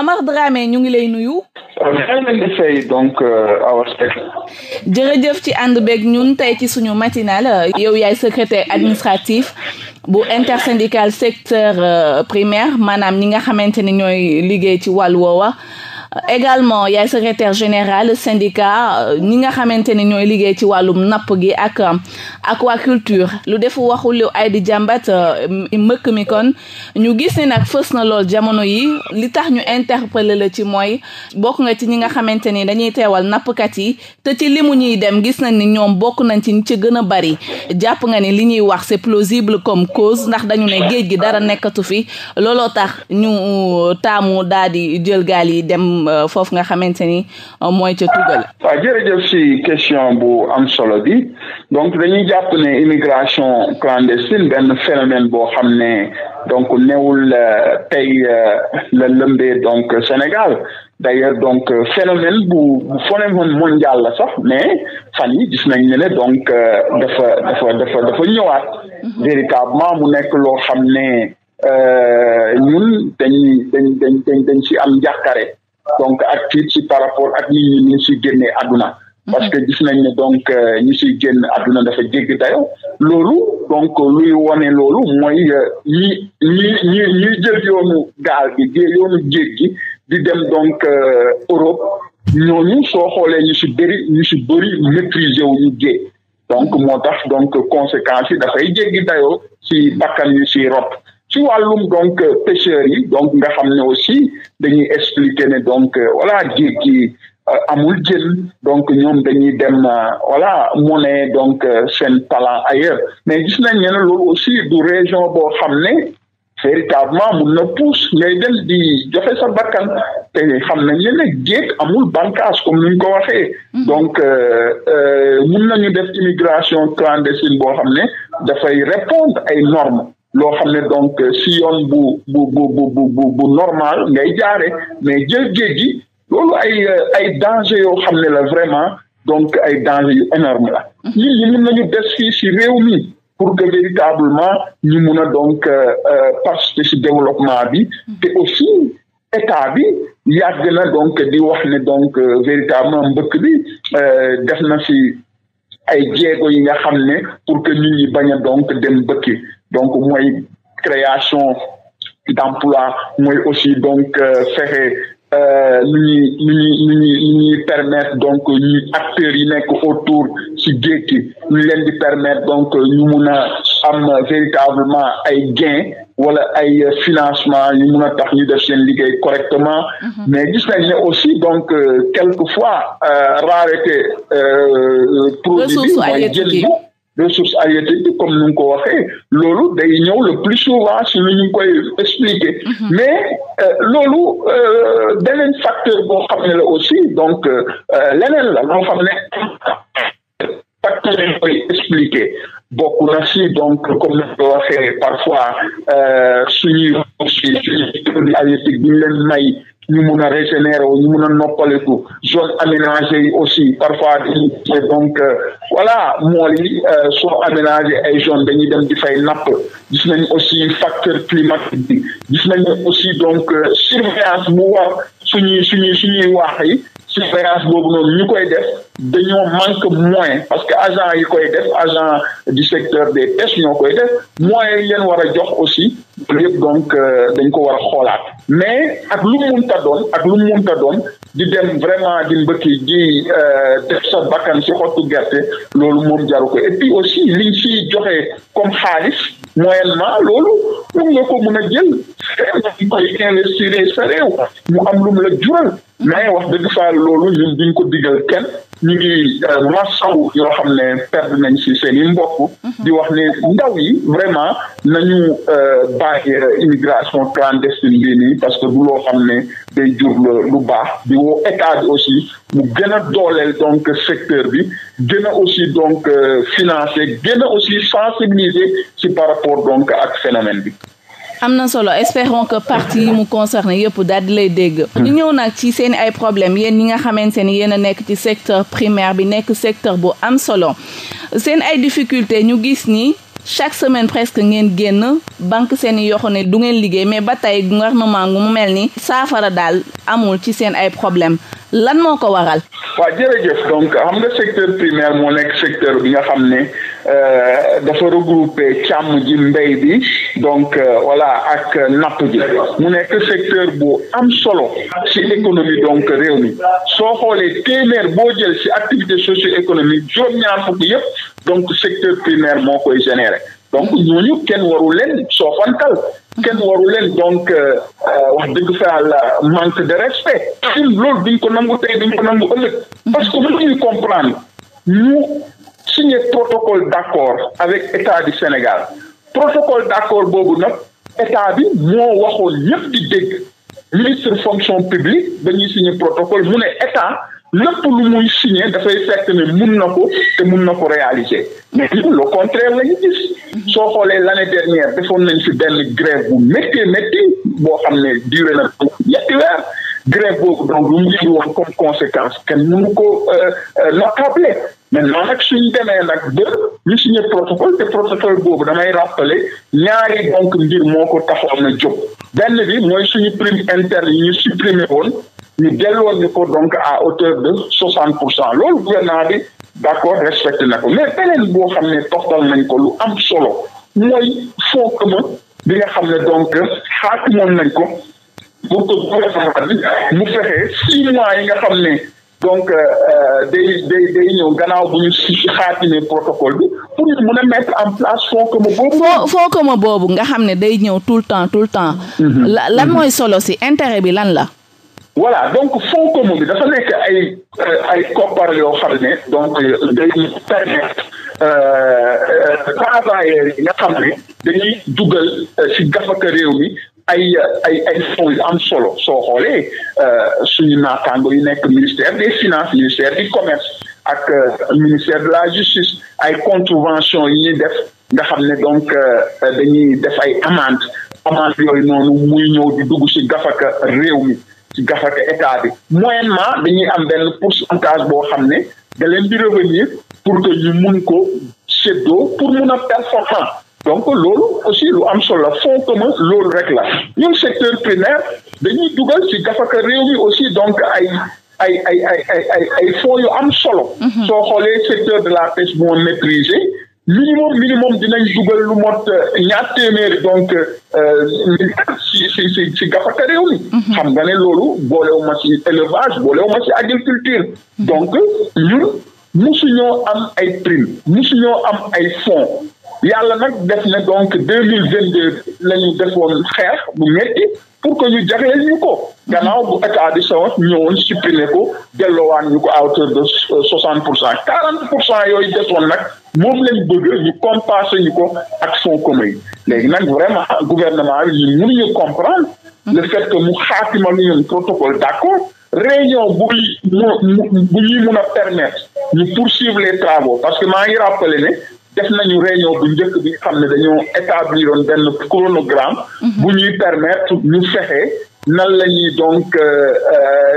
Omar Dramé ñu ngi lay nuyu. donc euh, jërëjëf ci ànd beeg ñun tey ci suñu matinale euh, yow yaay secrétaire administratif bu intersyndical secteur euh, primaire maanaam ñi nga xamante ni ñooy liggéey ci wàllu woowa. également yaay secrétaire général syndicat euh, ñi nga xamante ne ñooy liggéey ci wàllum napp gi ak euh, aquaculture lu def waxu lu ay di jàmbat euh, mbëkk mi kon ñu gis ne nag fës na lool jamono yi li tax ñu interpeller la ci mooy bokk nga ci ñi nga xamante ni dañuy teewal nappkat yi te ci limu ñuy dem gis nañ ni ñoom bokk nañ ci ñi ci gën a bari jàpp nga ni li ñuy wax c'est plausible comme cause ndax dañu ne géej gi dara nekkatu fi looloo tax ñu taamu daal di jël gaal yi dem Euh, foofu nga xamante ni euh, mooy ca tugal. waaw jërëjëf si question bu am solo bi donc dañuy jàpp ne immigration clandestine benn phénomène boo xam ne donc newul euh, tey la lëmbee donc Sénégal. d'ailleurs donc phénomène bu bu phénomène mondial la sax mais fan yi gis nañ ne ne donc dafa dafa dafa dafa ñëwaat mhm. véritablement mu nekk loo xam ne ñun dañ dañ dañ dañ dañ ci am njàqare donc ak tiit ci par rapport ak nit ñi ñu si génnee àdduna parce que gis nañ ne donc euh, ñi siy génn àdduna dafa jéggi dayo loolu donc luy wone loolu mooy euh, ñi ñi ñi ñuy jël yoonu gaal gi jé yoonu géej gi di dem donc euh, Europe ñooñu soo xoolee ñu si bëri ñu si bëri maîtriser wu ñu géej donc moo tax donc conséquences yi dafay jéggi dayoo ci bakkan ñu si rop ci wàllum donc euh, pêcheurs yi donc nga xam ne aussi dañuy expliquer ne donc euh, voilà géej gi euh, amul jën donc ñoom dañuy dem wala mu ne donc seen talent ailleurs mais gis nañ ne loolu aussi du région boo xam ne véritablement mun na pousse ngay dem di joxe sa bakkan te xam nañ ne nag géej amul bànqaas comme ni ñu ko waxee mm-hmm. donc mun nañu def immigration clandestine boo xam ne dafay répondre ay normes loo xam ne donc euh, si yoon bu bu bu bu bu bu ngay jaare mais jël géej gi loolu ay euh, ay danger yoo xam ne la vraiment donc ay danger yu énorme la mhm. nit ñi mën nañu des fii si réew mi pour gë véritablement ñu mun a donc euh, participer si développement bi mhm. te aussi état bi yàgg na donc di wax ne donc véritablement mbëkk bi def na si ay jéego yi nga xam ne pour que nit ñi bañ donc dem bëkki donc mooy création d'emploi mooy aussi donc euh, fexe lu euh, ñuy lu ñuy lu ñuy lu donc ñu acteurs yi nekk autour ci géej gi ñu leen di permettre donc ñu mun a am véritablement ay gains wala ay financement yu mun a tax ñu def seen liggéey correctement mhm. mais gis nañ ne aussi donc euh, quelquefois euh, rareté euh, produit bi mooy jën bu ressource halieutique bi comme ni nga ko waxee loolu day ñëw le plus souvent si lu ñu koy expliquer mhm. mais loolu beneen facteur boo xam ne la aussi donc leneen la loo xam ne facteur yi koy expliquer bokk na si donc comme ni ko waxee parfois euh, suñuy produit halieutique bi ñu leen may ñu mun a régénérer ñu mun a noppaleku zone yi aussi parfois dañuy donc euh, voilà mool yi euh, soo aménagé ay zone dañuy dem di fay napp gis nañ aussi facteur climatique bi nañ aussi donc surveillance bu war suñuy suñuy suñuy waax yi surveillance boobu noonu ñu koy def dañoo manque moyen parce que agent yi koy def agent du secteur des pêches ñoo koy def moyen yi war a jox aussi loolu yëpp donc euh, dañ ko war a xoolaat mais ak lu mu mënta doon ak lu mu mënta doon di dem vraiment di mbëkki di euh, def sa bakkan si xottu gerte loolu moom jaru ko et puis aussi liñ fi joxe comme xaalis moyennement loolu pour nga ko mun a jël vraiment koy investir sa réew mu am lu mu la jural mais wax dëgg faa loolu ñun duñ ko digal kenn ñu ngi euh, masawu yoo xam ne perd nañ ci seen i mbokk. Mhm. di wax ne ndaw yi vraiment nañu euh, bàyyi euh, immigration clandestine bii nii parce que du loo xam ne day jur lu baax bi woo état bi aussi mu gën a dooleel donc secteur bi gën a aussi donc financer gën a aussi sensibiliser ci par rapport donc ak phénomène bi. am na solo espérons que parti yi mu concerné yëpp daal di lay dégg. Hmm. ñu ñëw nag ci seen ay problème yéen ñi nga xamante ni yéen a nekk ci secteur primaire bi nekk secteur bu am solo seen ay difficulté ñu gis ni. chaque semaine presque ngeen génn banque seen i yoxo ne du ngeen liggéey mais ba tey gouvernement gu mu mel ni saafara daal amul ci seen ay problème lan moo ko waral. waaw jërëjëf donc xam nga secteur primaire moo nekk secteur bi nga xam ne Euh, dafa regroupé càmm ji mbéy bi donc euh, voilà ak euh, napp ji mu nekk secteur bu am solo ci économie donc réew mi soo xoolee téeméer boo jël ci activité socio économie juróom-ñaar fukk yëpp donc secteur primaire moo koy généré donc ñooñu kenn waru leen soofantal kenn waru leen donc wax dëgg fa yàlla manque de respect loolu duñ ko nangu tey duñ ko nangu ëllëg parce que mënuñu comprendre ñu signé protocole d' accord avec état du Sénégal protocole d' accord boobu nag état bi moo waxoon ñëpp di dégg ministre fonction publique dañuy signé protocole mu ne état lépp lu muy signé dafay fekk ne mun na ko te mun na ko réaliser mais le contraire la gis soo xoolee l' année dernière defoon nañ fi benn grève bu métti métti boo xam ne duré na ñetti weer grève boobu donc lu mu indi woon comme conséquence kenn mënu ko notable euh, euh, maintenant nag suñu demee nag ba ñu signé protocole te protocole boobu damay rappeler ñaari donc mbir moo ko taxoon na jóg benn bi mooy suñu prime interne yi ñu supprimer woon ñu delloon ñu ko donc à hauteur de soixante pour cent loolu gouvernement bi d'accord respecté na ko mais beneen boo xam ne toxtal nañ ko lu am solo mooy fonds commun bi nga xam ne donc xaatimoon nañ ko pour que gouvernement mu fexe six mois yi nga xam ne donc euh, euh, day day ñëw gannaaw bu ñu si xaatine protocole bi pour ñu mun a mettre en place fonds commun boobu. fonds commun boobu nga xam ne day ñëw tout le temps tout le temps. Mm-hmm. la lan mm-hmm. mooy solo si intérêt bi lan la. voilà donc fonds commun bi dafa nekk ay euh, ay koppar yoo xam ne donc day permettre travailleurs yi nga xam ne dañuy dugal si gafaka réew mi. ay ay ay fonds yu am solo soo xoolee euh, suñu naataango yu nekk ministère des finances ministère du commerce ak euh, ministère de la justice ay contravention yu ñuy def nga xam ne donc euh, dañuy def ay amende amende yooyu noonu muy ñëw di dugg ci gafaka réew mi ci gafaka état bi moyennement dañuy am benn pourcentage boo xam ne daleen leen di pour que ñu mun ko séddoo pour mun a performant donc loolu aussi lu am solo la fonds commun loolu rek la ñun secteur primaire dañuy dugal ci gafaka réew mi aussi donc ay ay ay ay ay ay ay fonds yu am solo. Mhm. soo xoolee secteur de la pêche moo maîtrisé minimum minimum dinañ dugal lu mot euh, ñaar téeméeri donc euh, milliards ci ci ci ci gafaka réew mi. Mhm. xam nga ne loolu boolewuma ci élevage boolewuma ci agriculture. Mhm. donc ñun musuñoo am ay prime musuñoo am ay fonds. yàlla nag def na donc deux mille vingt deux la defoon xeex bu metti pour que ñu jagleel ñu ko gannaaw bu état di semence ñëwoon supprimer ko delloowaan ñu ko à hauteur de soixante pour cent quarante pour cent yooyu desoon nag moom lañ bëgg ñu compenser ñu ko ak fonds commun yi léegi nag vraiment gouvernement bi ñu mënuñu comprendre le fait que mu xaatima lu ñun protocole d'accord réunion bu ñu bu ñuy mun a permettre ñu poursuivre les travaux parce que maa ngi rappelé ne def nañu réunion bu njëkk bi nga xam ne dañoo établir woon benn chronogramme. Mhm. bu ñuy permettre ñu fexe nan la ñuy donc euh, euh,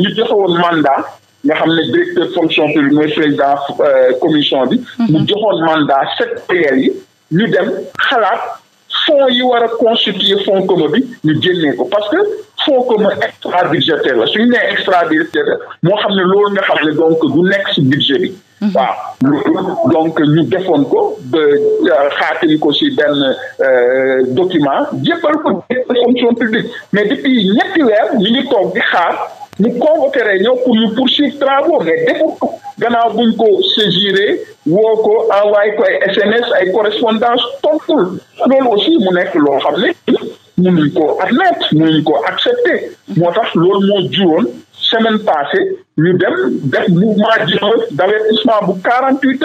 ñu joxe woon mandat nga xam ne directeur fonction publique mooy président euh, commission bi. Mhm. mu joxoon mandat sectoriel yi ñu dem xalaat. fonds yi war a constituer fonds commun bi ñu génnee ko parce que fonds commun extra budgétaire la suñu nee extra budgétaire moo xam ne loolu nga xam ne donc du nekk ci budget bi Mhm. waaw donc ñu defoon ko ba euh, xaatim ko ci benn euh, document jébbal ko fonction publique mais depuis ñetti weer ñu ngi toog di xaar ñu convoqué réunion pour ñu poursuivre travaux mais defu ko gannaaw buñ ko saisiré woo ko envoyé ko ay SMS ay correspondance tontul loolu aussi mu nekk loo xam ne mënuñ ko admettre mënuñ ko accepter moo tax loolu moo juwoon semaine passée ñu dem def mouvement jino d'avertissement bu quarante huit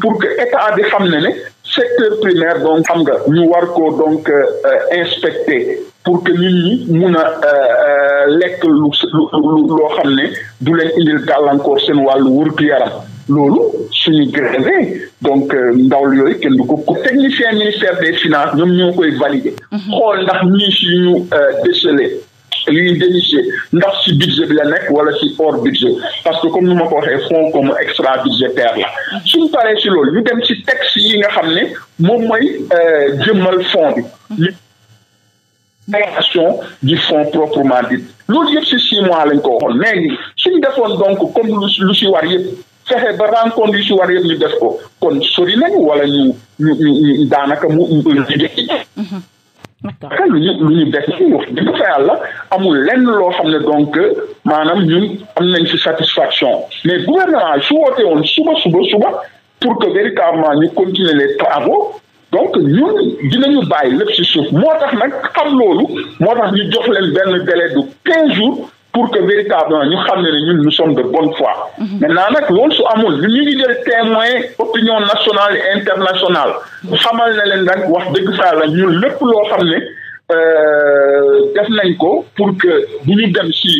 pour que état bi xam na ne secteur primaire donc xam nga ñu war ko donc euh, inspecter pour que nit ñi mun a euh, euh, lekk loo xam ne du leen indil gàllankoor seen wàllu ki yaram loolu suñu grévé donc ndaw yooyu kenn du ko ku technicien ministère des finances ñoom ñoo koy valider mm-hmm. xool ndax ñii si ñu décelé li ñuy ndax ci budget bi la nekk wala ci hors budget parce que comme ni ma ko waxee fonds comme extra budgétaire la suñ paree si loolu ñu dem ci texte yi nga xam ne moom mooy jëmmal fonds bi création di fonds proprement dit loolu yëpp si six mois lañ ko waxoon mais suñ defoon donc comme lu si war yëpp fexe ba rencontre yu si war yëpp ñu def ko kon sori nañu wala ñu ñu ñu daanaka mu liggéey d'accord xel lu ñu lu ñu bett ci wax dëgg fa yàlla amul lenn loo xam ne donc maanaam ñun am nañ ci satisfaction mais gouvernement su wootee woon suba suba suba pour que véritablement ñu continuer les travaux donc ñun dinañu bàyyi lépp ci suuf moo tax nag xam loolu moo tax ñu jox leen benn délai de quinze jour pour que véritablement ñu xam ne ne ñun nous sommes de bonne foi. Mhm. maintenant nag lool su amul ñu ngi jël témoin opinion nationale et bu xamal na leen nag wax dëgg saa la ñun lépp loo xam ne. Euh, def nañ ko pour que bu ñu dem ci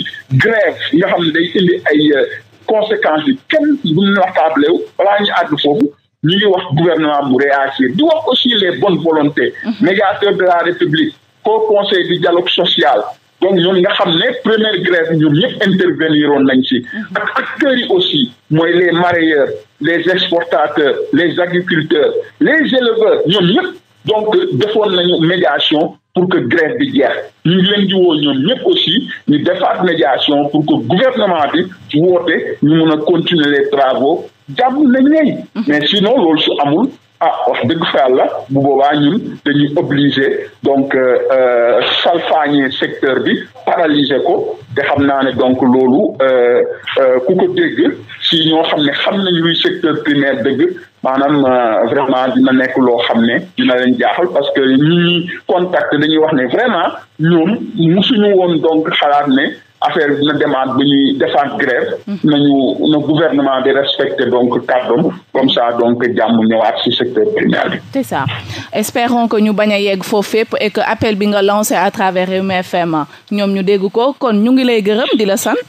grève nga xam ne day indi ay euh, conséquences yi kenn bu duñu waxtaable balaa ñu àgg foofu ñu ngi wax gouvernement bu réagir di wax aussi les bonnes volontés mhm. médiateur de la république co conseil du dialogue social donc ñoom nga xam ne première grève ñoom ñëpp intervenir woon nañ ci mhm. ak acteurs yi aussi mooy les mareyeurs les exportateurs les agriculteurs les éleveurs ñoom ñëpp donc defoon nañu médiation pour que grève bi jeex ñu ngi leen di woo ñoom ñëpp aussi ñu defaat médiation pour que gouvernement bi woote ñu mun a continuer les travaux jàmm nañ lay mhm. mais sinon loolu su amul ah wax dëgg fa yàlla bu boobaa ñun dañuy obligé donc euh, euh, salfaañee secteur bi paralysé ko te xam naa ne donc loolu euh, ku ko dégg si ñoo xam ne xam nañ luy secteur primaire dégg maanaam vraiment dina nekk loo xam ne dina leen jaaxal parce que ñi ñuy contact dañuy wax ne vraiment ñoom musuñu woon donc xalaat ne affaire bi dina demaat ñuy defaat grève mhm. nañu na gouvernement bi respecté donc kàddoom comme ça donc jàmm ñëwaat ci secteur primaire bi c'est ça espérons que ñu bañ a yegg foofu fépp et que appel bi nga lancé à travers Rewmi FM ñoom ñu dégg ko kon ñu ngi lay gërëm di la sant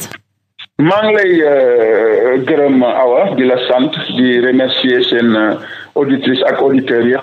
maa ngi lay euh, gërëm Awa di la sant di remercier seen euh, auditrice ak auditeurs yi